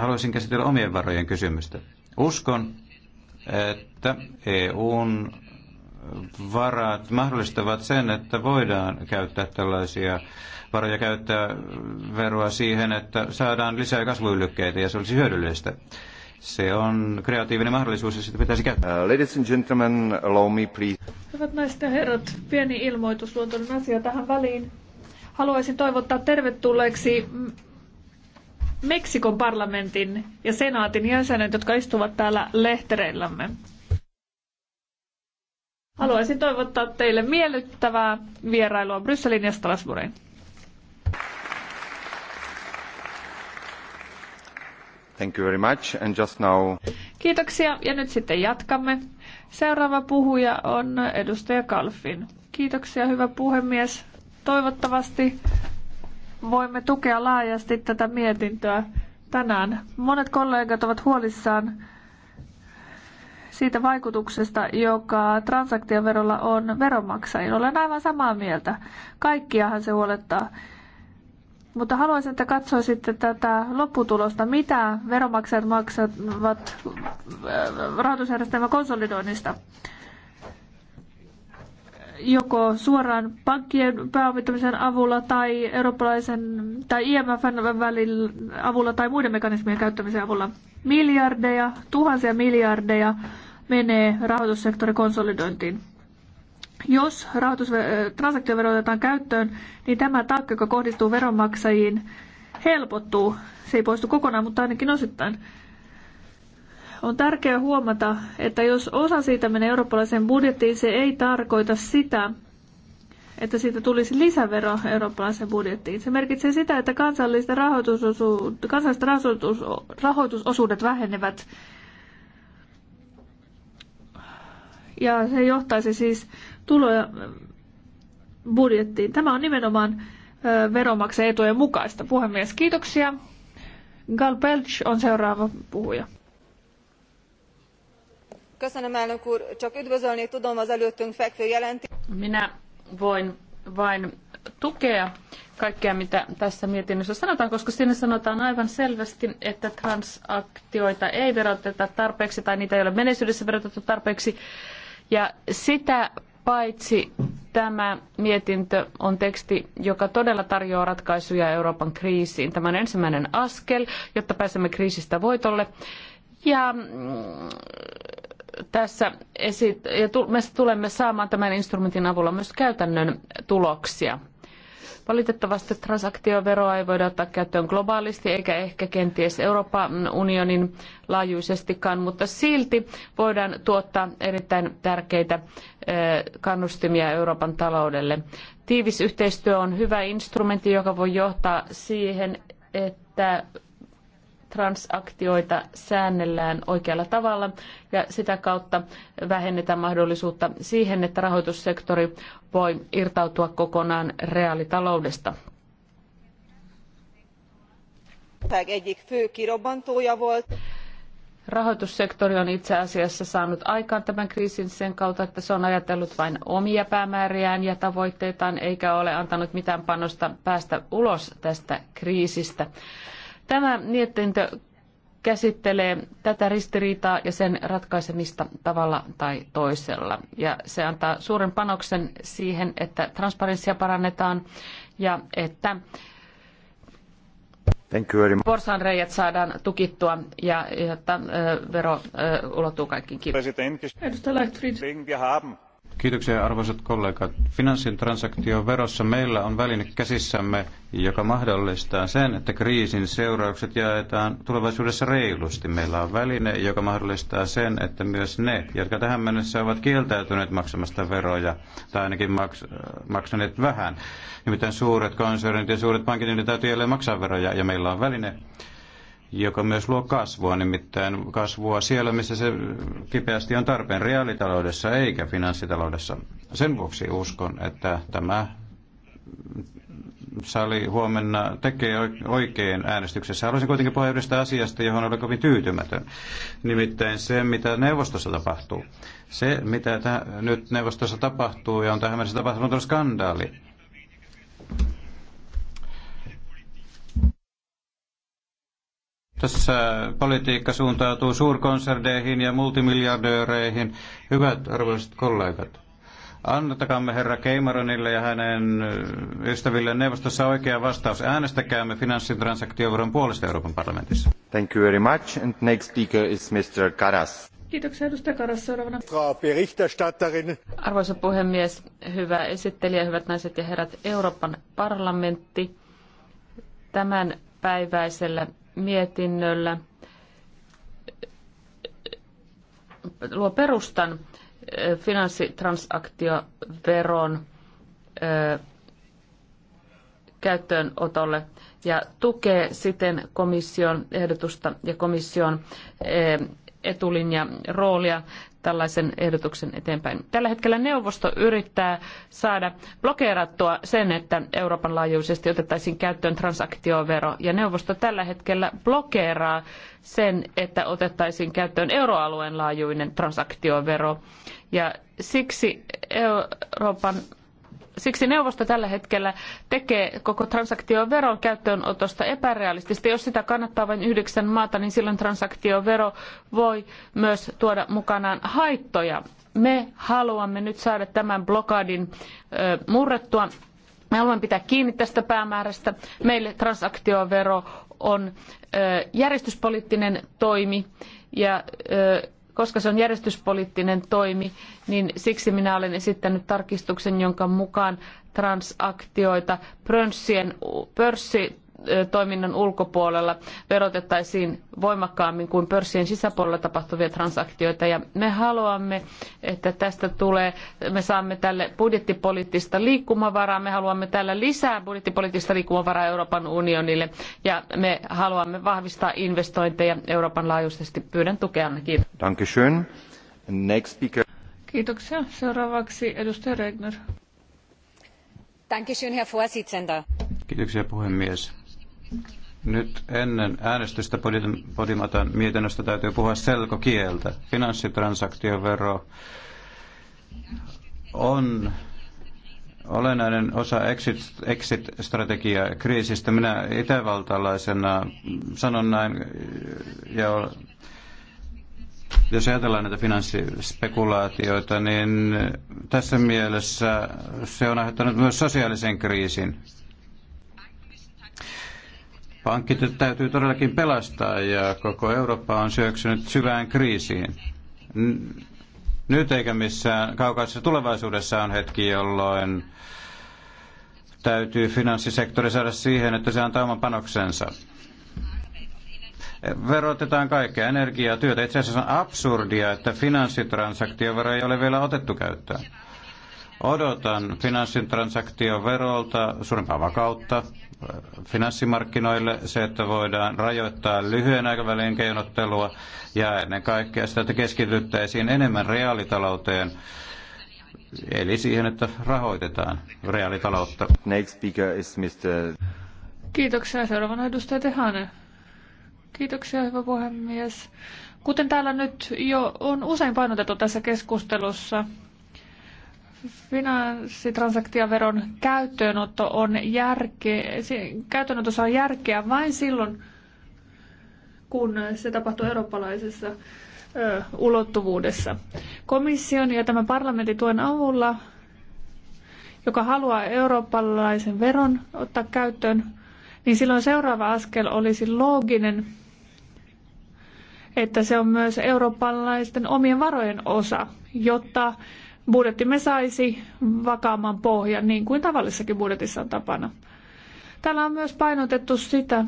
haluaisin käsitellä omien varojen kysymystä. Uskon, että EUn varat mahdollistavat sen, että voidaan käyttää tällaisia varoja, käyttää veroa siihen, että saadaan lisää kasvuyllykkeitä ja se olisi hyödyllistä. Se on kreatiivinen mahdollisuus ja sitä pitäisi käyttää. Uh, ladies and gentlemen, allow me please. Hyvät naiset ja herrat, pieni luontoinen asia tähän väliin. Haluaisin toivottaa tervetulleeksi Meksikon parlamentin ja senaatin jäsenet, jotka istuvat täällä lehtereillämme. Haluaisin toivottaa teille miellyttävää vierailua Brysselin ja Strasbourgin. Thank you very much. And just now... Kiitoksia ja nyt sitten jatkamme. Seuraava puhuja on edustaja Kalfin. Kiitoksia hyvä puhemies. Toivottavasti voimme tukea laajasti tätä mietintöä tänään. Monet kollegat ovat huolissaan siitä vaikutuksesta, joka transaktioverolla on veronmaksajilla. Olen aivan samaa mieltä. Kaikkiahan se huolettaa. Mutta haluaisin, että katsoisitte tätä lopputulosta, mitä veronmaksajat maksavat äh, rahoitusjärjestelmän konsolidoinnista joko suoraan pankkien pääomittamisen avulla tai eurooppalaisen tai IMFn välillä avulla tai muiden mekanismien käyttämisen avulla. Miljardeja, tuhansia miljardeja menee rahoitussektorin konsolidointiin. Jos rahoitustransaktio otetaan käyttöön, niin tämä taakka, joka kohdistuu veronmaksajiin, helpottuu. Se ei poistu kokonaan, mutta ainakin osittain. On tärkeää huomata, että jos osa siitä menee eurooppalaiseen budjettiin, se ei tarkoita sitä, että siitä tulisi lisävero eurooppalaiseen budjettiin. Se merkitsee sitä, että kansalliset rahoitusosu, rahoitusosuudet vähenevät. Ja se johtaisi siis tuloja budjettiin. Tämä on nimenomaan veromaksen etujen mukaista. Puhemies, kiitoksia. Gal Pelch on seuraava puhuja csak üdvözölni tudom az előttünk fekvő jelentést. Minä voin vain tukea kaikkea, mitä tässä mietinnössä sanotaan, koska siinä sanotaan aivan selvästi, että transaktioita ei veroteta tarpeeksi tai niitä ei ole menneisyydessä verotettu tarpeeksi. Ja sitä paitsi tämä mietintö on teksti, joka todella tarjoaa ratkaisuja Euroopan kriisiin. Tämä on ensimmäinen askel, jotta pääsemme kriisistä voitolle. Ja mm, tässä ja me tulemme saamaan tämän instrumentin avulla myös käytännön tuloksia. Valitettavasti transaktioveroa ei voida ottaa käyttöön globaalisti eikä ehkä kenties Euroopan unionin laajuisestikaan, mutta silti voidaan tuottaa erittäin tärkeitä kannustimia Euroopan taloudelle. Tiivis yhteistyö on hyvä instrumentti, joka voi johtaa siihen, että transaktioita säännellään oikealla tavalla ja sitä kautta vähennetään mahdollisuutta siihen, että rahoitussektori voi irtautua kokonaan reaalitaloudesta. Rahoitussektori on itse asiassa saanut aikaan tämän kriisin sen kautta, että se on ajatellut vain omia päämääriään ja tavoitteitaan eikä ole antanut mitään panosta päästä ulos tästä kriisistä. Tämä mietintö käsittelee tätä ristiriitaa ja sen ratkaisemista tavalla tai toisella. Ja se antaa suuren panoksen siihen, että transparenssia parannetaan ja että porsaanreijät saadaan tukittua ja että vero ulottuu kaikkiin. Kiitos. Kiitoksia arvoisat kollegat. Finanssin transaktioverossa meillä on väline käsissämme, joka mahdollistaa sen, että kriisin seuraukset jaetaan tulevaisuudessa reilusti. Meillä on väline, joka mahdollistaa sen, että myös ne, jotka tähän mennessä ovat kieltäytyneet maksamasta veroja, tai ainakin maks- maksaneet vähän, nimittäin suuret konsernit ja suuret pankit, niiden täytyy jälleen maksaa veroja, ja meillä on väline, joka myös luo kasvua, nimittäin kasvua siellä, missä se kipeästi on tarpeen reaalitaloudessa eikä finanssitaloudessa. Sen vuoksi uskon, että tämä sali huomenna tekee oikein äänestyksessä. Haluaisin kuitenkin puhua yhdestä asiasta, johon olen kovin tyytymätön. Nimittäin se, mitä neuvostossa tapahtuu. Se, mitä nyt neuvostossa tapahtuu ja on tähän mennessä tapahtunut, on skandaali Tässä politiikka suuntautuu suurkonserdeihin ja multimiljardööreihin. Hyvät arvoisat kollegat, annatakamme herra Keimaronille ja hänen äh, ystäville neuvostossa oikea vastaus. Äänestäkäämme finanssitransaktioveron puolesta Euroopan parlamentissa. Thank you very much. And next speaker is Mr. Karas. Kiitoksia edustaja Karas seuraavana. Arvoisa puhemies, hyvä esittelijä, hyvät naiset ja herrat, Euroopan parlamentti tämän päiväisellä mietinnöllä luo perustan finanssitransaktioveron käyttöönotolle ja tukee siten komission ehdotusta ja komission etulinja roolia tällaisen ehdotuksen eteenpäin. Tällä hetkellä neuvosto yrittää saada blokeerattua sen, että Euroopan laajuisesti otettaisiin käyttöön transaktiovero. Ja neuvosto tällä hetkellä blokeeraa sen, että otettaisiin käyttöön euroalueen laajuinen transaktiovero. Ja siksi Euroopan Siksi neuvosto tällä hetkellä tekee koko transaktioveron käyttöönotosta epärealistista. Jos sitä kannattaa vain yhdeksän maata, niin silloin transaktiovero voi myös tuoda mukanaan haittoja. Me haluamme nyt saada tämän blokadin murrettua. Me haluamme pitää kiinni tästä päämäärästä. Meille transaktiovero on järjestyspoliittinen toimi ja koska se on järjestyspoliittinen toimi, niin siksi minä olen esittänyt tarkistuksen, jonka mukaan transaktioita pörssien, pörssi, toiminnan ulkopuolella verotettaisiin voimakkaammin kuin pörssien sisäpuolella tapahtuvia transaktioita. Ja me haluamme, että tästä tulee, me saamme tälle budjettipoliittista liikkumavaraa, me haluamme tällä lisää budjettipoliittista liikkumavaraa Euroopan unionille ja me haluamme vahvistaa investointeja Euroopan laajuisesti. Pyydän tukea. Kiitos. Next speaker. Kiitoksia. Seuraavaksi edustaja Regner. Dankeschön, Herr Vorsitzender. Kiitoksia puhemies. Nyt ennen äänestystä Podimatan mietinnöstä täytyy puhua selkokieltä. Finanssitransaktiovero on olennainen osa exit, exit-strategiaa kriisistä. Minä itävaltalaisena sanon näin, ja jos ajatellaan näitä finanssispekulaatioita, niin tässä mielessä se on aiheuttanut myös sosiaalisen kriisin. Pankit täytyy todellakin pelastaa ja koko Eurooppa on syöksynyt syvään kriisiin. Nyt eikä missään kaukaisessa tulevaisuudessa on hetki, jolloin täytyy finanssisektori saada siihen, että se antaa oman panoksensa. Verotetaan kaikkea, energiaa, työtä. Itse asiassa on absurdia, että finanssitransaktiovero ei ole vielä otettu käyttöön Odotan finanssin transaktioverolta suurempaa vakautta äh, finanssimarkkinoille, se, että voidaan rajoittaa lyhyen aikavälin keinottelua ja ennen kaikkea sitä, että keskityttäisiin enemmän reaalitalouteen, eli siihen, että rahoitetaan reaalitaloutta. Next speaker is Mr. Kiitoksia. Seuraavana edustaja Tehanen. Kiitoksia, hyvä puhemies. Kuten täällä nyt jo on usein painotettu tässä keskustelussa, finanssitransaktioveron käyttöönotto on järke, käyttöönotossa on järkeä vain silloin, kun se tapahtuu eurooppalaisessa ö, ulottuvuudessa. Komission ja tämän parlamentin tuen avulla, joka haluaa eurooppalaisen veron ottaa käyttöön, niin silloin seuraava askel olisi looginen, että se on myös eurooppalaisten omien varojen osa, jotta budjettimme saisi vakaamman pohjan, niin kuin tavallisessakin budjetissa on tapana. Täällä on myös painotettu sitä,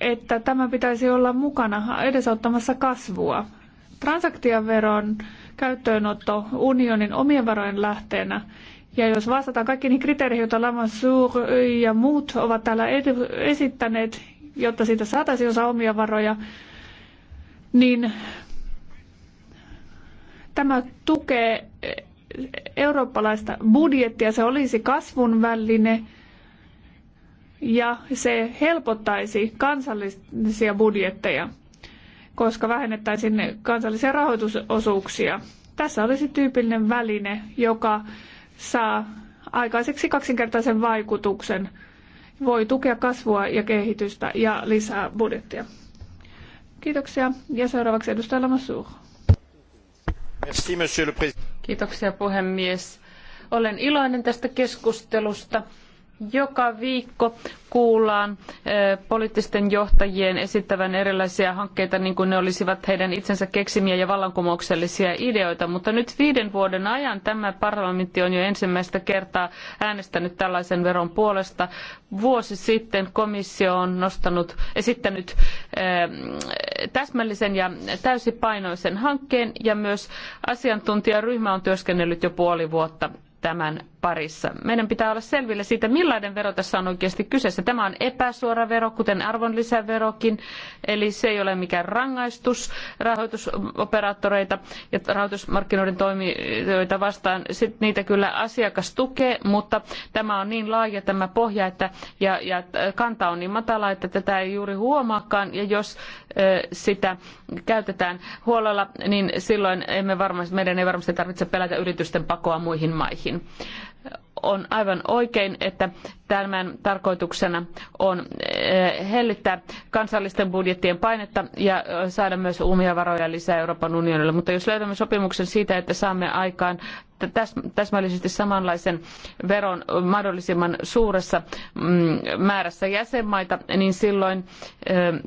että tämä pitäisi olla mukana edesauttamassa kasvua. Transaktioveron käyttöönotto unionin omien varojen lähteenä ja jos vastataan kaikki niihin kriteereihin, joita Suur ja muut ovat täällä esittäneet, jotta siitä saataisiin osa omia varoja, niin tämä tukee eurooppalaista budjettia, se olisi kasvun väline ja se helpottaisi kansallisia budjetteja, koska vähennettäisiin kansallisia rahoitusosuuksia. Tässä olisi tyypillinen väline, joka saa aikaiseksi kaksinkertaisen vaikutuksen, voi tukea kasvua ja kehitystä ja lisää budjettia. Kiitoksia. Ja seuraavaksi edustaja Lamassu. Merci, monsieur le président. Kiitoksia puhemies. Olen iloinen tästä keskustelusta joka viikko kuullaan poliittisten johtajien esittävän erilaisia hankkeita niin kuin ne olisivat heidän itsensä keksimiä ja vallankumouksellisia ideoita, mutta nyt viiden vuoden ajan tämä parlamentti on jo ensimmäistä kertaa äänestänyt tällaisen veron puolesta. Vuosi sitten komissio on nostanut, esittänyt täsmällisen ja täysipainoisen hankkeen ja myös asiantuntijaryhmä on työskennellyt jo puoli vuotta tämän parissa. Meidän pitää olla selville siitä, millainen vero tässä on oikeasti kyseessä. Tämä on epäsuora vero, kuten arvonlisäverokin, eli se ei ole mikään rangaistus rahoitusoperaattoreita ja rahoitusmarkkinoiden toimijoita vastaan. Sitten niitä kyllä asiakas tukee, mutta tämä on niin laaja tämä pohja että, ja, ja kanta on niin matala, että tätä ei juuri huomaakaan, ja jos sitä käytetään huolella, niin silloin emme varmasti, meidän ei varmasti tarvitse pelätä yritysten pakoa muihin maihin. On aivan oikein, että tämän tarkoituksena on eh, hellittää kansallisten budjettien painetta ja eh, saada myös uumia varoja lisää Euroopan unionille. Mutta jos löydämme sopimuksen siitä, että saamme aikaan täsmällisesti samanlaisen veron mahdollisimman suuressa mm, määrässä jäsenmaita, niin silloin eh,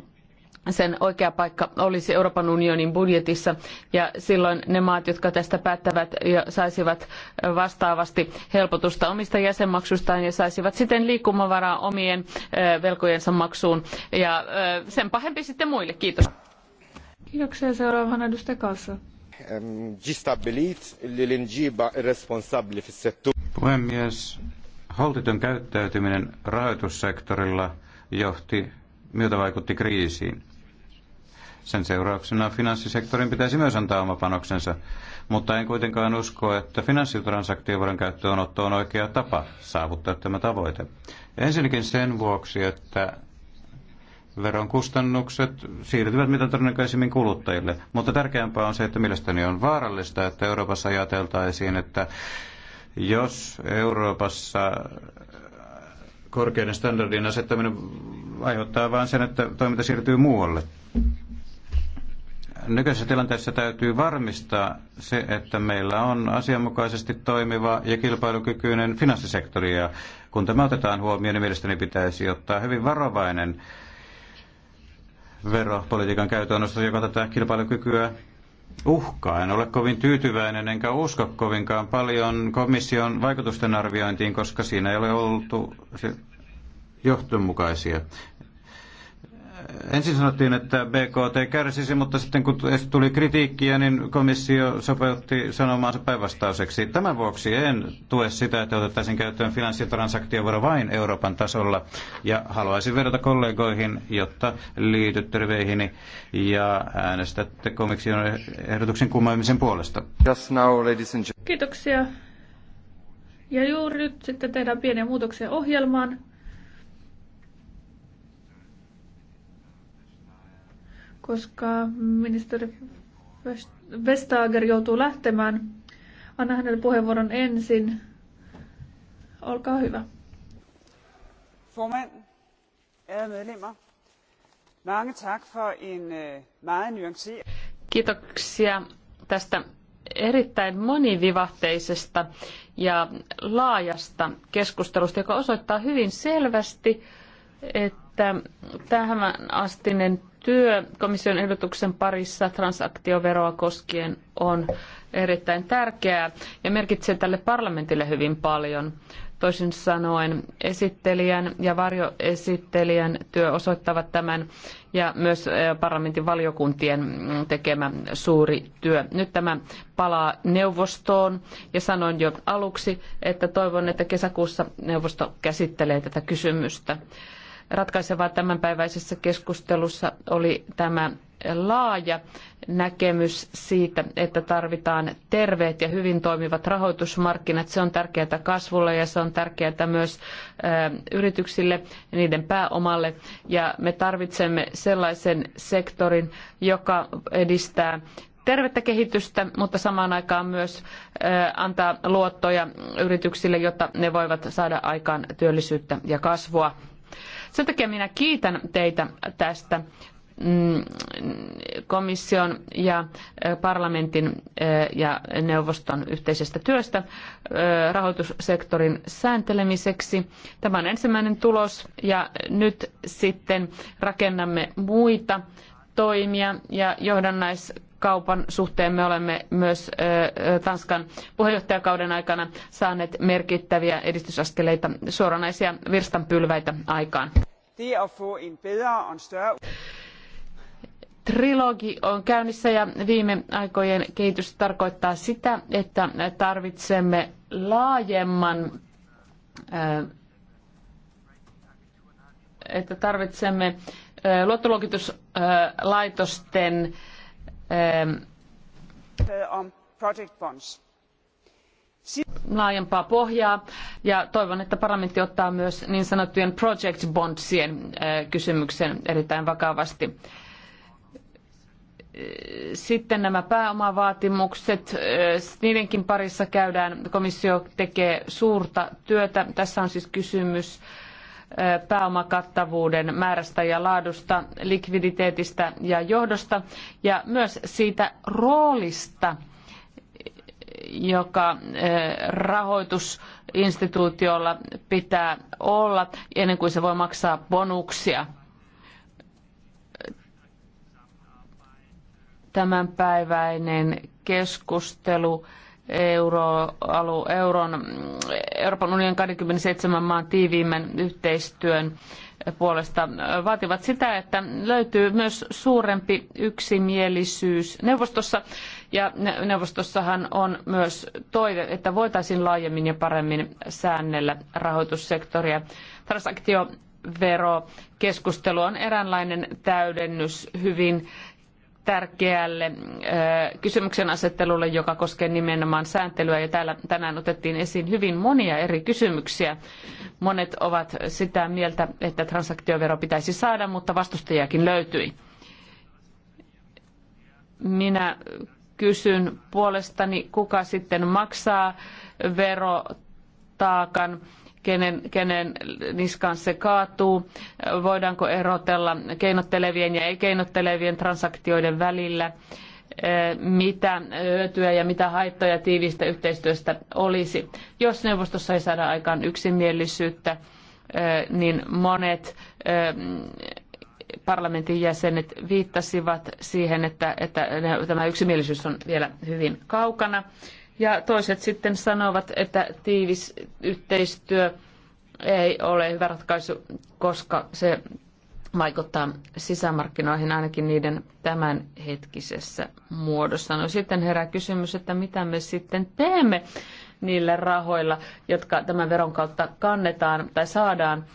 sen oikea paikka olisi Euroopan unionin budjetissa ja silloin ne maat, jotka tästä päättävät ja saisivat vastaavasti helpotusta omista jäsenmaksustaan ja saisivat siten liikkumavaraa omien velkojensa maksuun ja sen pahempi sitten muille. Kiitos. Kiitoksia seuraavana edustaja Kassa. Puhemies, holtiton käyttäytyminen rahoitussektorilla johti myötävaikutti kriisiin. Sen seurauksena finanssisektorin pitäisi myös antaa oma panoksensa, mutta en kuitenkaan usko, että finanssitransaktioveron käyttöönotto on oikea tapa saavuttaa tämä tavoite. Ensinnäkin sen vuoksi, että veron kustannukset siirtyvät mitä todennäköisimmin kuluttajille. Mutta tärkeämpää on se, että mielestäni on vaarallista, että Euroopassa ajateltaisiin, että jos Euroopassa korkeiden standardien asettaminen aiheuttaa vain sen, että toiminta siirtyy muualle. Nykyisessä tilanteessa täytyy varmistaa se, että meillä on asianmukaisesti toimiva ja kilpailukykyinen finanssisektori. Ja kun tämä otetaan huomioon, niin mielestäni pitäisi ottaa hyvin varovainen veropolitiikan käytännössä, joka tätä kilpailukykyä uhkaa. En ole kovin tyytyväinen enkä usko kovinkaan paljon komission vaikutusten arviointiin, koska siinä ei ole oltu johtonmukaisia ensin sanottiin, että BKT kärsisi, mutta sitten kun tuli kritiikkiä, niin komissio sopeutti sanomaansa päinvastaiseksi. Tämän vuoksi en tue sitä, että otettaisiin käyttöön finanssitransaktiovero vain Euroopan tasolla. Ja haluaisin verrata kollegoihin, jotta liitytte riveihini ja äänestätte komission ehdotuksen kumoamisen puolesta. Kiitoksia. Ja juuri nyt sitten tehdään pieniä muutoksia ohjelmaan. koska ministeri Vestager joutuu lähtemään. Anna hänelle puheenvuoron ensin. Olkaa hyvä. Formand, ærede medlemmer. Mange tak for en øh, meget nuanceret... Kiitoksia tästä erittäin monivivahteisesta ja laajasta keskustelusta, joka osoittaa hyvin selvästi, että tähän astinen työ komission ehdotuksen parissa transaktioveroa koskien on erittäin tärkeää ja merkitsee tälle parlamentille hyvin paljon. Toisin sanoen esittelijän ja varjoesittelijän työ osoittavat tämän ja myös eh, parlamentin valiokuntien mm, tekemä suuri työ. Nyt tämä palaa neuvostoon ja sanoin jo aluksi, että toivon, että kesäkuussa neuvosto käsittelee tätä kysymystä ratkaisevaa tämänpäiväisessä keskustelussa oli tämä laaja näkemys siitä, että tarvitaan terveet ja hyvin toimivat rahoitusmarkkinat. Se on tärkeää kasvulle ja se on tärkeää myös yrityksille ja niiden pääomalle. Ja me tarvitsemme sellaisen sektorin, joka edistää tervettä kehitystä, mutta samaan aikaan myös antaa luottoja yrityksille, jotta ne voivat saada aikaan työllisyyttä ja kasvua. Sen takia minä kiitän teitä tästä mm, komission ja parlamentin ja neuvoston yhteisestä työstä rahoitussektorin sääntelemiseksi. Tämä on ensimmäinen tulos ja nyt sitten rakennamme muita toimia ja johdannaiskaupan suhteen me olemme myös Tanskan puheenjohtajakauden aikana saaneet merkittäviä edistysaskeleita, suoranaisia virstanpylväitä aikaan det at få en bedre og en større... Trilogi on käynnissä ja viime aikojen kehitys tarkoittaa sitä, että tarvitsemme laajemman että tarvitsemme luottoluokituslaitosten project bonds laajempaa pohjaa ja toivon, että parlamentti ottaa myös niin sanottujen project bondsien eh, kysymyksen erittäin vakavasti. Sitten nämä pääomavaatimukset, eh, niidenkin parissa käydään, komissio tekee suurta työtä. Tässä on siis kysymys eh, pääomakattavuuden määrästä ja laadusta, likviditeetistä ja johdosta ja myös siitä roolista, joka eh, rahoitusinstituutiolla pitää olla ennen kuin se voi maksaa bonuksia. Tämänpäiväinen keskustelu euroalu, euron, Euroopan unionin 27 maan tiiviimmän yhteistyön puolesta vaativat sitä, että löytyy myös suurempi yksimielisyys neuvostossa ja neuvostossahan on myös toive, että voitaisiin laajemmin ja paremmin säännellä rahoitussektoria. Transaktioverokeskustelu on eräänlainen täydennys hyvin tärkeälle äh, kysymyksen asettelulle, joka koskee nimenomaan sääntelyä. Ja täällä tänään otettiin esiin hyvin monia eri kysymyksiä. Monet ovat sitä mieltä, että transaktiovero pitäisi saada, mutta vastustajiakin löytyi. Minä kysyn puolestani, kuka sitten maksaa verotaakan, kenen, kenen niskaan se kaatuu, voidaanko erotella keinottelevien ja ei-keinottelevien transaktioiden välillä, mitä hyötyä ja mitä haittoja tiivistä yhteistyöstä olisi. Jos neuvostossa ei saada aikaan yksimielisyyttä, niin monet parlamentin jäsenet viittasivat siihen, että, että tämä yksimielisyys on vielä hyvin kaukana. Ja toiset sitten sanovat, että tiivis yhteistyö ei ole hyvä ratkaisu, koska se vaikuttaa sisämarkkinoihin ainakin niiden tämänhetkisessä muodossa. No sitten herää kysymys, että mitä me sitten teemme niillä rahoilla, jotka tämän veron kautta kannetaan tai saadaan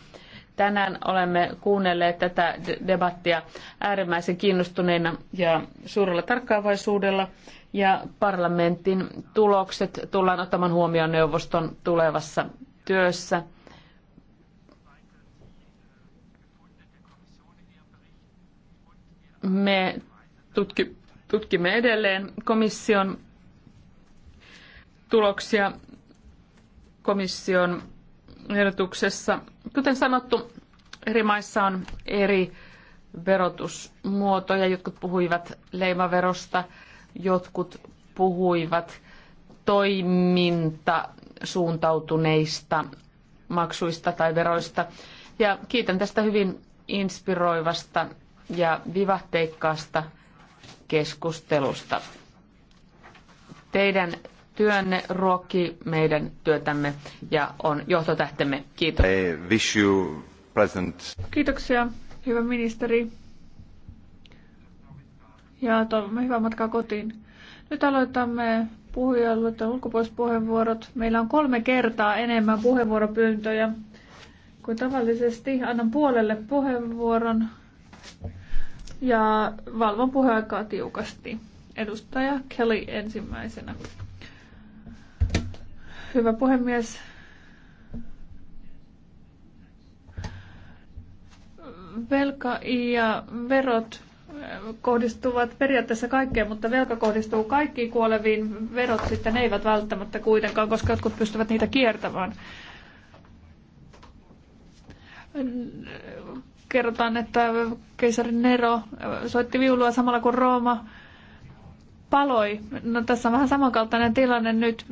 Tänään olemme kuunnelleet tätä debattia äärimmäisen kiinnostuneina ja suurella tarkkaavaisuudella ja parlamentin tulokset tullaan ottamaan huomioon neuvoston tulevassa työssä. Me tutki, tutkimme edelleen komission tuloksia, komission ehdotuksessa. Kuten sanottu, eri maissa on eri verotusmuotoja. Jotkut puhuivat leimaverosta, jotkut puhuivat toiminta suuntautuneista maksuista tai veroista. Ja kiitän tästä hyvin inspiroivasta ja vivahteikkaasta keskustelusta. Teidän Työnne ruokkii meidän työtämme ja on johtotähtemme. Kiitos. Kiitoksia, hyvä ministeri. Ja toivomme hyvää matkaa kotiin. Nyt aloitamme ulkopuoliset puheenvuorot. Meillä on kolme kertaa enemmän puheenvuoropyyntöjä kuin tavallisesti. Annan puolelle puheenvuoron ja valvon puheaikaa tiukasti. Edustaja Kelly ensimmäisenä. Hyvä puhemies. Velka ja verot kohdistuvat periaatteessa kaikkeen, mutta velka kohdistuu kaikkiin kuoleviin. Verot sitten eivät välttämättä kuitenkaan, koska jotkut pystyvät niitä kiertämään. Kerrotaan, että keisari Nero soitti viulua samalla kuin Rooma paloi. No tässä on vähän samankaltainen tilanne nyt.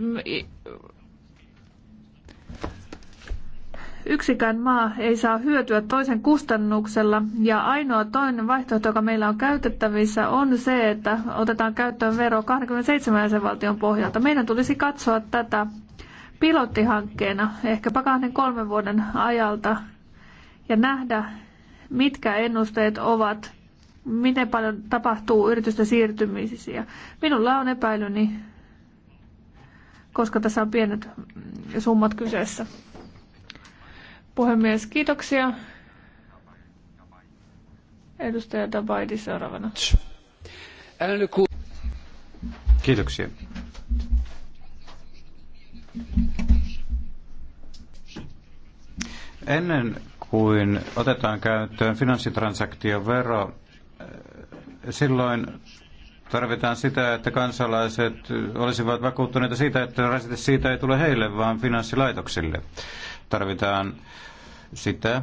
yksikään maa ei saa hyötyä toisen kustannuksella ja ainoa toinen vaihtoehto, joka meillä on käytettävissä, on se, että otetaan käyttöön vero 27 jäsenvaltion pohjalta. Meidän tulisi katsoa tätä pilottihankkeena, ehkäpä kahden kolmen vuoden ajalta, ja nähdä, mitkä ennusteet ovat, miten paljon tapahtuu yritysten siirtymisiä. Minulla on epäilyni, koska tässä on pienet summat kyseessä. Puhemies, kiitoksia. Edustaja Dabaidi seuraavana. Kiitoksia. Ennen kuin otetaan käyttöön finanssitransaktiovero, eh, silloin tarvitaan sitä, että kansalaiset olisivat vakuuttuneita siitä, että rasite siitä ei tule heille, vaan finanssilaitoksille. Tarvitaan sitä,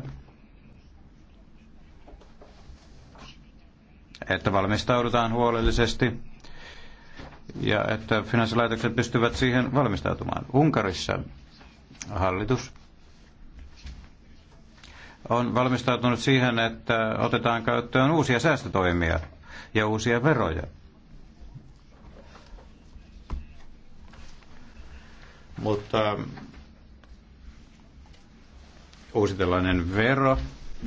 että valmistaudutaan huolellisesti ja että finanssilaitokset pystyvät siihen valmistautumaan. Unkarissa hallitus on valmistautunut siihen, että otetaan käyttöön uusia säästötoimia ja uusia veroja. Mutta uusi tällainen vero,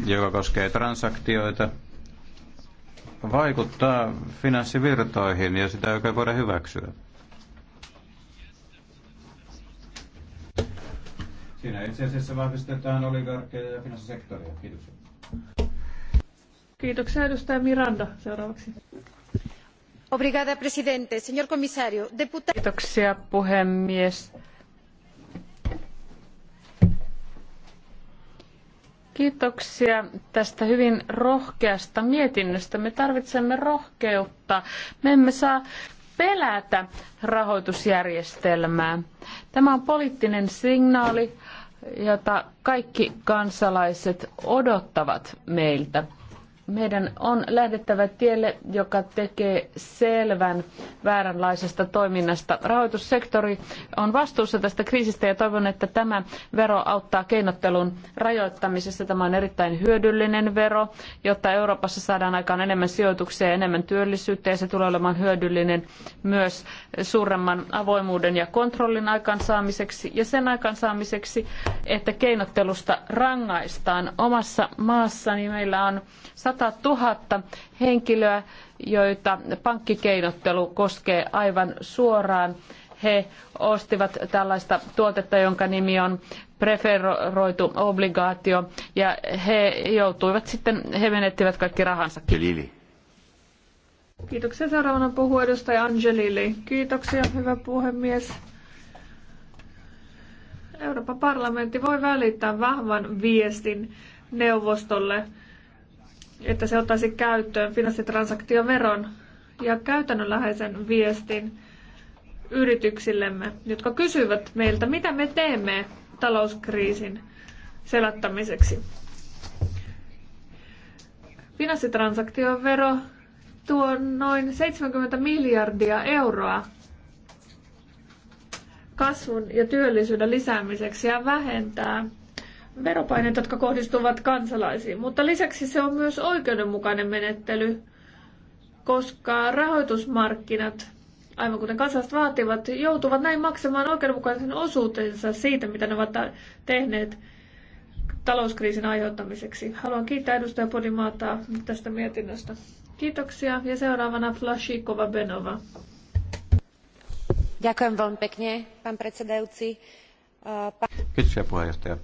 joka koskee transaktioita, vaikuttaa finanssivirtoihin ja sitä ei voida hyväksyä. Siinä itse asiassa vahvistetaan oligarkkeja ja finanssisektoria. Kiitoksia. Kiitoksia edustaja Miranda. Seuraavaksi. Obrigada, presidente. Señor comisario, deputa... Kiitoksia puhemies Kiitoksia tästä hyvin rohkeasta mietinnöstä. Me tarvitsemme rohkeutta. Me emme saa pelätä rahoitusjärjestelmää. Tämä on poliittinen signaali, jota kaikki kansalaiset odottavat meiltä meidän on lähdettävä tielle, joka tekee selvän vääränlaisesta toiminnasta. Rahoitussektori on vastuussa tästä kriisistä ja toivon, että tämä vero auttaa keinottelun rajoittamisessa. Tämä on erittäin hyödyllinen vero, jotta Euroopassa saadaan aikaan enemmän sijoituksia ja enemmän työllisyyttä ja se tulee olemaan hyödyllinen myös suuremman avoimuuden ja kontrollin aikaansaamiseksi ja sen aikaansaamiseksi, että keinottelusta rangaistaan. Omassa maassani meillä on 100 100 000 henkilöä, joita pankkikeinottelu koskee aivan suoraan. He ostivat tällaista tuotetta, jonka nimi on preferoitu obligaatio, ja he joutuivat sitten, he menettivät kaikki rahansa. Kelili. Kiitoksia. Seuraavana puhuu edustaja Angelili. Kiitoksia, hyvä puhemies. Euroopan parlamentti voi välittää vahvan viestin neuvostolle että se ottaisi käyttöön finanssitransaktioveron ja käytännönläheisen viestin yrityksillemme, jotka kysyvät meiltä, mitä me teemme talouskriisin selättämiseksi. Finanssitransaktiovero tuo noin 70 miljardia euroa kasvun ja työllisyyden lisäämiseksi ja vähentää veropaineet, jotka kohdistuvat kansalaisiin. Mutta lisäksi se on myös oikeudenmukainen menettely, koska rahoitusmarkkinat, aivan kuten kansalaiset vaativat, joutuvat näin maksamaan oikeudenmukaisen osuutensa siitä, mitä ne ovat tehneet talouskriisin aiheuttamiseksi. Haluan kiittää edustaja Podimaata tästä mietinnöstä. Kiitoksia ja seuraavana Flashikova Benova. Ďakujem veľmi pekne, pán predsedajúci. Kiitoksia puheenjohtaja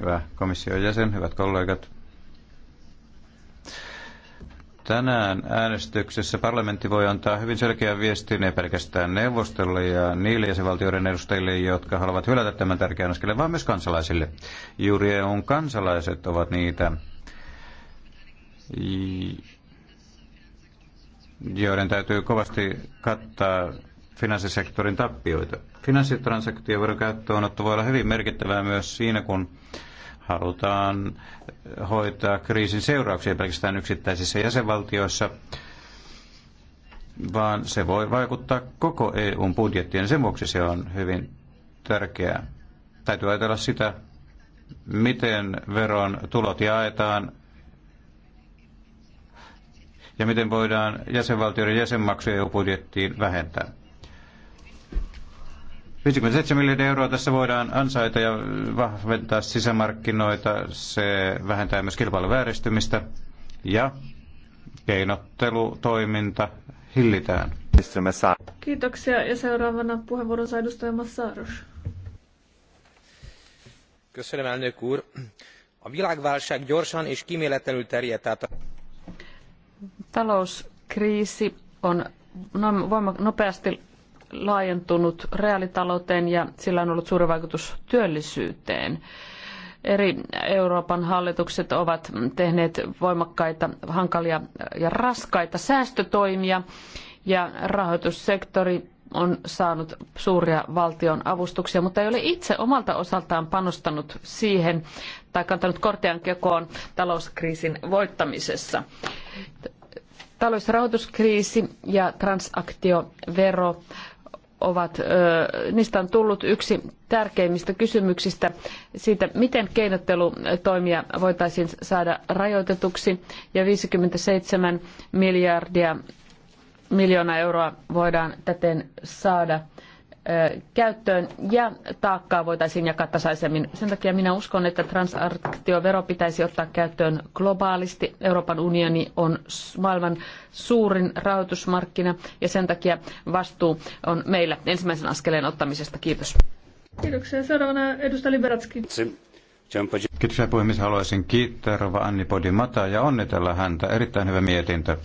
hyvä komission jäsen, hyvät kollegat. Tänään äänestyksessä parlamentti voi antaa hyvin selkeän viestin ei pelkästään neuvostolle ja niille jäsenvaltioiden edustajille, jotka haluavat hylätä tämän tärkeän askeleen, vaan myös kansalaisille. Juuri EUn kansalaiset ovat niitä, joiden täytyy kovasti kattaa finanssisektorin tappioita. Finanssitransaktioveron käyttöönotto voi olla hyvin merkittävää myös siinä, kun halutaan hoitaa kriisin seurauksia pelkästään yksittäisissä jäsenvaltioissa, vaan se voi vaikuttaa koko EUn budjettiin. Sen vuoksi se on hyvin tärkeää. Täytyy ajatella sitä, miten veron tulot jaetaan ja miten voidaan jäsenvaltioiden jäsenmaksuja EU-budjettiin vähentää. 57 miljardia euroa tässä voidaan ansaita ja vahventaa sisämarkkinoita. Se vähentää myös kilpailun vääristymistä ja keinottelutoiminta hillitään. Kiitoksia ja seuraavana puheenvuoron saa edustaja Massaros. Köszönöm, elnök úr. A világválság gyorsan és kiméletlenül terjedt át. Talouskriisi on nopeasti laajentunut reaalitalouteen ja sillä on ollut suuri vaikutus työllisyyteen. Eri Euroopan hallitukset ovat tehneet voimakkaita, hankalia ja raskaita säästötoimia ja rahoitussektori on saanut suuria valtion avustuksia, mutta ei ole itse omalta osaltaan panostanut siihen tai kantanut kortean kekoon talouskriisin voittamisessa. Talous- ja rahoituskriisi ja transaktiovero ovat, niistä on tullut yksi tärkeimmistä kysymyksistä siitä, miten keinottelutoimia voitaisiin saada rajoitetuksi ja 57 miljardia miljoonaa euroa voidaan täten saada käyttöön ja taakkaa voitaisiin jakaa tasaisemmin. Sen takia minä uskon, että transaktiovero pitäisi ottaa käyttöön globaalisti. Euroopan unioni on maailman suurin rahoitusmarkkina ja sen takia vastuu on meillä ensimmäisen askeleen ottamisesta. Kiitos. Kiitoksia. Seuraavana edustaja Liberatski. Kiitoksia puhemies. Haluaisin kiittää Rova Anni Podimata ja onnitella häntä. Erittäin hyvä mietintö.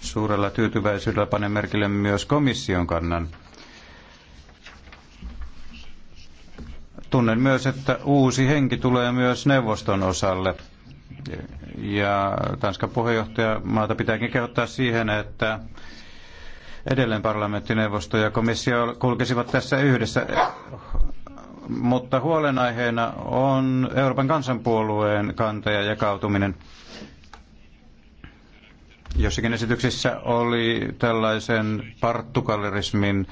Suurella tyytyväisyydellä panen merkille myös komission kannan Tunnen myös, että uusi henki tulee myös neuvoston osalle. Ja Tanskan puheenjohtaja maata pitääkin kehottaa siihen, että edelleen parlamenttineuvosto ja komissio kulkisivat tässä yhdessä. Mutta huolenaiheena on Euroopan kansanpuolueen kanta ja jakautuminen. Jossakin esityksissä oli tällaisen parttukalerismin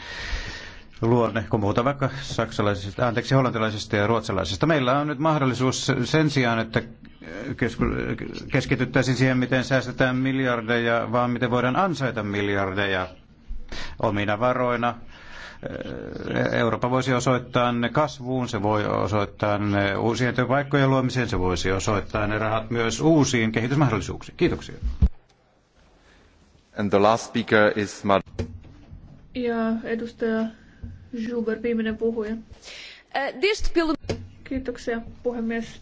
luonne, kun puhutaan vaikka saksalaisista, anteeksi, hollantilaisista ja ruotsalaisista. Meillä on nyt mahdollisuus sen sijaan, että keskityttäisiin siihen, miten säästetään miljardeja, vaan miten voidaan ansaita miljardeja omina varoina. Eurooppa voisi osoittaa ne kasvuun, se voi osoittaa ne uusien työpaikkojen luomiseen, se voisi osoittaa ne rahat myös uusiin kehitysmahdollisuuksiin. Kiitoksia. And the last speaker is Mad- ja edustaja Zuber, viimeinen puhuja. Äh, Kiitoksia, puhemies.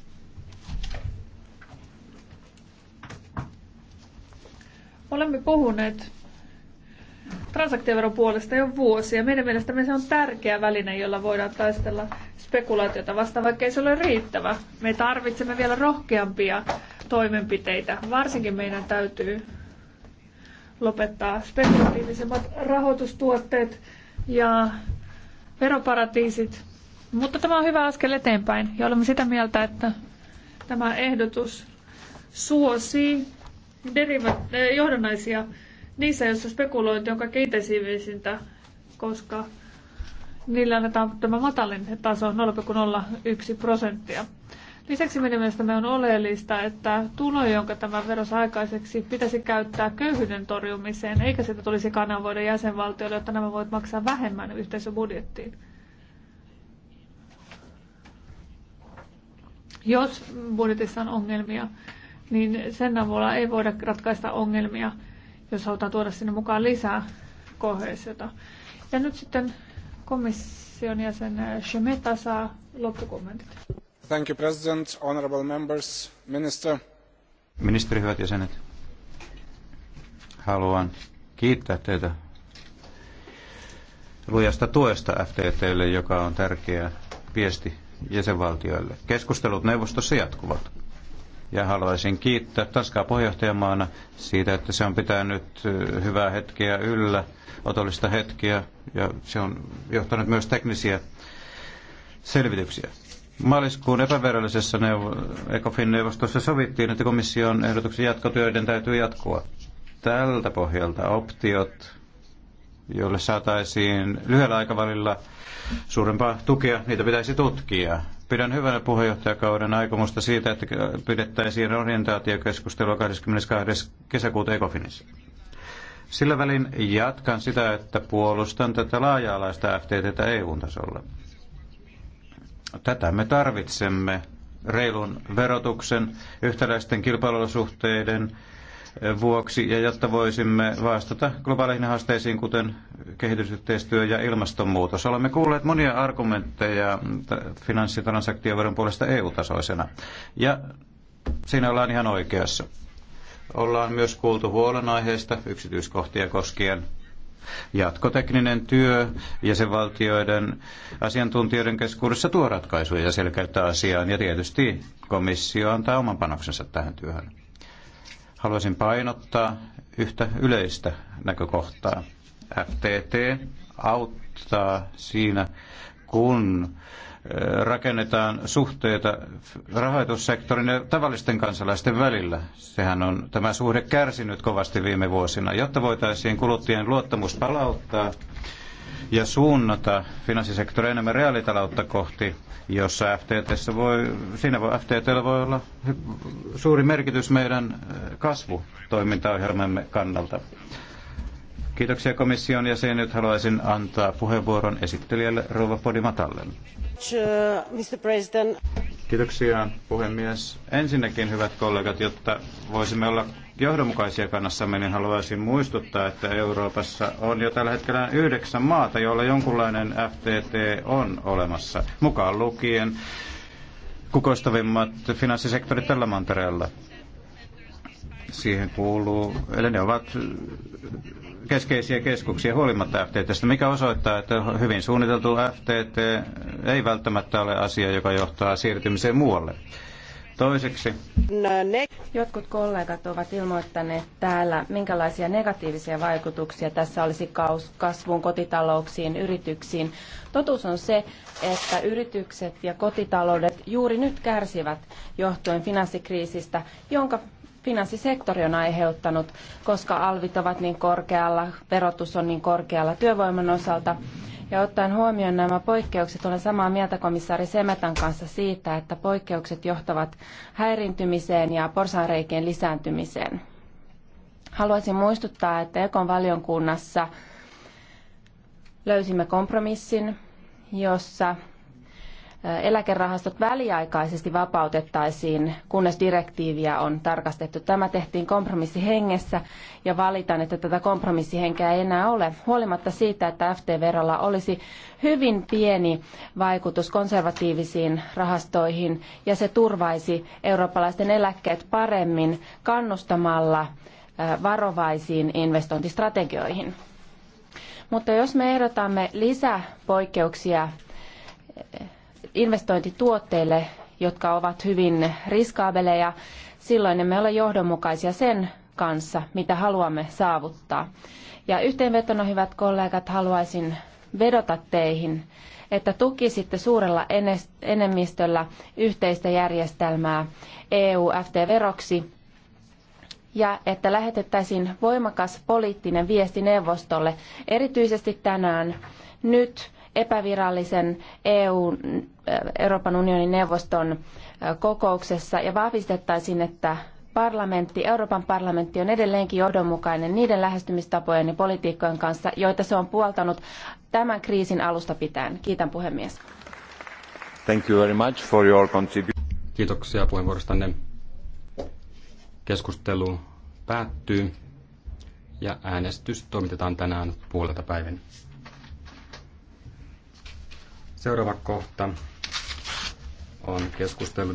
Olemme puhuneet transaktioveron puolesta jo vuosia. Meidän mielestämme se on tärkeä väline, jolla voidaan taistella spekulaatiota vastaan, vaikkei ei se ole riittävä. Me tarvitsemme vielä rohkeampia toimenpiteitä. Varsinkin meidän täytyy lopettaa spekulatiivisemmat rahoitustuotteet ja veroparatiisit. Mutta tämä on hyvä askel eteenpäin ja olemme sitä mieltä, että tämä ehdotus suosii deriva- eh, johdonnaisia niissä, joissa spekulointi on kaikkein intensiivisintä, koska niillä annetaan tämä matalin taso 0,01 prosenttia. Lisäksi meidän mielestämme on oleellista, että tulo, jonka tämä vero aikaiseksi, pitäisi käyttää köyhyyden torjumiseen, eikä sitä tulisi kanavoida jäsenvaltioille, jotta nämä voivat maksaa vähemmän yhteisöbudjettiin. Jos budjetissa on ongelmia, niin sen avulla ei voida ratkaista ongelmia, jos halutaan tuoda sinne mukaan lisää kohesiota. Ja nyt sitten komission jäsen Shemeta saa loppukommentit. Thank President, members, minister. Ministeri, hyvät jäsenet. Haluan kiittää teitä lujasta tuesta FTTlle, joka on tärkeä viesti jäsenvaltioille. Keskustelut neuvostossa jatkuvat. Ja haluaisin kiittää Tanskaa puheenjohtajamaana siitä, että se on pitänyt hyvää hetkeä yllä, otollista hetkeä, ja se on johtanut myös teknisiä selvityksiä. Maaliskuun epävirallisessa ECOFIN-neuvostossa sovittiin, että komission ehdotuksen jatkotyöiden täytyy jatkua. Tältä pohjalta optiot, joille saataisiin lyhyellä aikavälillä suurempaa tukea, niitä pitäisi tutkia. Pidän hyvänä puheenjohtajakauden aikomusta siitä, että pidettäisiin orientaatiokeskustelua 22. kesäkuuta ECOFINissa. Sillä välin jatkan sitä, että puolustan tätä laaja-alaista FTTtä EU-tasolla. Tätä me tarvitsemme reilun verotuksen, yhtäläisten kilpailusuhteiden eh, vuoksi ja jotta voisimme vastata globaaleihin haasteisiin, kuten kehitysyhteistyö ja ilmastonmuutos. Olemme kuulleet monia argumentteja finanssitransaktioveron puolesta EU-tasoisena. Ja siinä ollaan ihan oikeassa. Ollaan myös kuultu huolenaiheista yksityiskohtia koskien Jatkotekninen työ jäsenvaltioiden asiantuntijoiden keskuudessa tuo ratkaisuja ja selkeyttää asiaan ja tietysti komissio antaa oman panoksensa tähän työhön. Haluaisin painottaa yhtä yleistä näkökohtaa. FTT auttaa siinä, kun rakennetaan suhteita rahoitussektorin ja tavallisten kansalaisten välillä. Sehän on tämä suhde kärsinyt kovasti viime vuosina. Jotta voitaisiin kuluttajien luottamus palauttaa ja suunnata finanssisektori enemmän reaalitaloutta kohti, jossa FTTssä voi, siinä voi, FTTllä voi olla suuri merkitys meidän kasvutoimintaohjelmamme kannalta. Kiitoksia komission jäsenet. haluaisin antaa puheenvuoron esittelijälle Rouva Podimatalle. Kiitoksia puhemies. Ensinnäkin hyvät kollegat, jotta voisimme olla johdonmukaisia kannassamme, niin haluaisin muistuttaa, että Euroopassa on jo tällä hetkellä yhdeksän maata, joilla jonkunlainen FTT on olemassa, mukaan lukien kukoistavimmat finanssisektorit tällä mantereella siihen kuuluu, eli ne ovat keskeisiä keskuksia huolimatta FTT, mikä osoittaa, että hyvin suunniteltu FTT ei välttämättä ole asia, joka johtaa siirtymiseen muualle. Toiseksi. No, ne. Jotkut kollegat ovat ilmoittaneet täällä, minkälaisia negatiivisia vaikutuksia tässä olisi kasvuun, kotitalouksiin, yrityksiin. Totuus on se, että yritykset ja kotitaloudet juuri nyt kärsivät johtuen finanssikriisistä, jonka finanssisektori on aiheuttanut, koska alvit ovat niin korkealla, verotus on niin korkealla työvoiman osalta. Ja ottaen huomioon nämä poikkeukset, olen samaa mieltä komissaari Semetan kanssa siitä, että poikkeukset johtavat häirintymiseen ja porsaanreikien lisääntymiseen. Haluaisin muistuttaa, että Ekon valiokunnassa löysimme kompromissin, jossa eläkerahastot väliaikaisesti vapautettaisiin, kunnes direktiiviä on tarkastettu. Tämä tehtiin kompromissihengessä ja valitan, että tätä kompromissihenkeä ei enää ole, huolimatta siitä, että FT-verolla olisi hyvin pieni vaikutus konservatiivisiin rahastoihin ja se turvaisi eurooppalaisten eläkkeet paremmin kannustamalla varovaisiin investointistrategioihin. Mutta jos me ehdotamme lisäpoikkeuksia investointituotteille, jotka ovat hyvin riskaabeleja, silloin emme ole johdonmukaisia sen kanssa, mitä haluamme saavuttaa. Ja yhteenvetona, hyvät kollegat, haluaisin vedota teihin, että tukisitte suurella enemmistöllä yhteistä järjestelmää EU-FT-veroksi ja että lähetettäisiin voimakas poliittinen viesti neuvostolle, erityisesti tänään nyt epävirallisen EU, äh, Euroopan unionin neuvoston äh, kokouksessa ja vahvistettaisiin, että parlamentti, Euroopan parlamentti on edelleenkin johdonmukainen niiden lähestymistapojen ja politiikkojen kanssa, joita se on puoltanut tämän kriisin alusta pitäen. Kiitän puhemies. Thank you very much for your Kiitoksia puheenvuorostanne. Keskustelu päättyy ja äänestys toimitetaan tänään puolelta päivän. Seuraava kohta on keskustelu